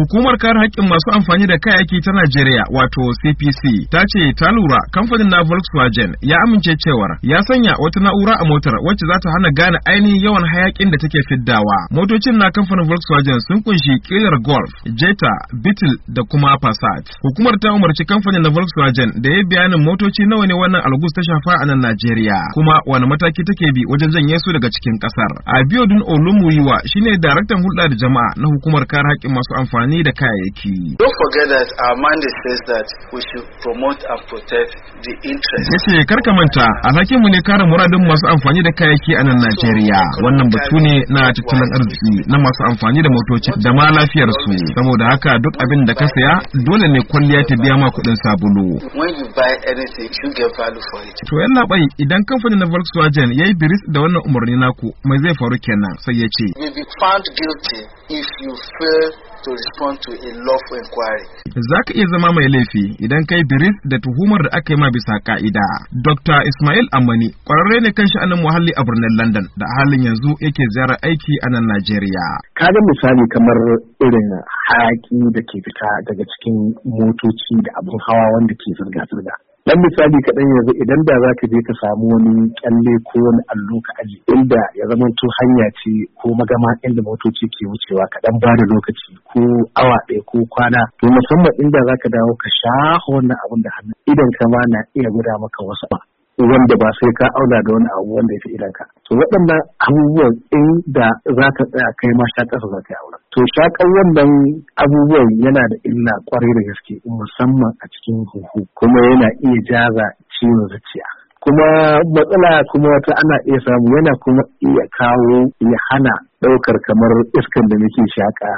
Hukumar kare haƙƙin masu amfani da kayayyaki ta Najeriya wato CPC ta ce ta lura kamfanin na Volkswagen ya amince cewar ya sanya wata na'ura a motar wacce za ta hana gane ainihin yawan hayaƙin da take fiddawa. Motocin na kamfanin Volkswagen sun kunshi kilar Golf, Jetta, Beetle da kuma Passat. Hukumar ta umarci kamfanin na Volkswagen da ya bayanin motoci nawa ne wannan algus ta shafa a nan Najeriya kuma wani mataki take bi wajen janye su daga cikin ƙasar. Abiodun Olumuyiwa shine daraktan hulɗa da jama'a na hukumar kare haƙƙin masu amfani amfani da kayayyaki. Don't forget that our mandate says that promote and protect the interest. Yace manta alhakin mu ne kare muradin masu amfani da kayayyaki a nan Najeriya. Wannan batu ne na tattalin arziki na masu amfani da motoci da ma lafiyar su. Saboda haka duk abin da ka saya dole ne kwalliya ta biya ma kuɗin sabulu. When you buy anything, you To yan labai idan kamfanin na Volkswagen ya yi biris da wannan umarni naku mai zai faru kenan sai ya ce. You be found guilty if you fail to respond to a lawful inquiry. Za ka iya zama mai laifi idan kai biris da tuhumar da aka yi ma bisa ka'ida. Dr. Ismail Amani kwararre ne kan sha'anin muhalli a birnin London da halin yanzu yake ziyarar aiki a nan Najeriya. ga misali kamar irin hayaƙi da ke fita daga cikin motoci da abin hawa wanda ke zirga-zirga. dan misali kaɗan yanzu idan da za ka je ka samu wani kyalle ko wani allo ka aji inda ya zama to hanya ce ko magama inda motoci ke wucewa ka dan bada lokaci ko awa ɗaya ko kwana to musamman inda za ka dawo ka sha wannan abin da hannu idan ka ma na iya guda maka wasu wanda ba sai ka auna da wani abu wanda ya fi ka to waɗannan abubuwan in da za ka tsaya kai ma sha su za ka yi auren to shaƙar wannan abubuwan yana da illa kwarai da gaske musamman a cikin huhu kuma yana iya jaza ciwon zuciya kuma matsala kuma wata ana iya samu yana kuma iya kawo ya hana ɗaukar kamar iskan da muke shaƙa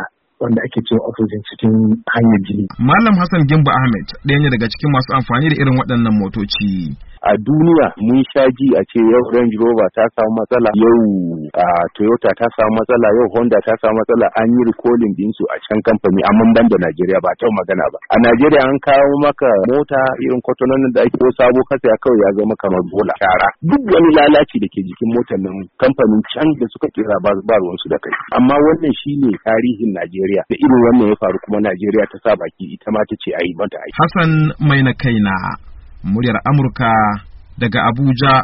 wanda ake cewa oxygen cikin hanyar jini. Malam Hassan Gimba Ahmed ɗaya ne daga cikin masu amfani da irin waɗannan motoci. a duniya mun sha ji a ce yau Range Rover ta samu matsala yau a Toyota ta samu matsala yau Honda ta samu matsala an yi recalling din su a can kamfani amma ban da Najeriya ba ta magana ba a Najeriya an kawo maka mota irin kwatonan da ake ko sabo kasa ya kawai ya zama kamar bola shara duk wani lalaci da ke jikin motar nan kamfanin can da suka kira ba ruwan su da kai amma wannan shine tarihin Najeriya da irin wannan ya faru kuma Najeriya ta sa baki ita ma ta ce ayi mata ayi Hassan mai na kaina muryar Amurka daga Abuja.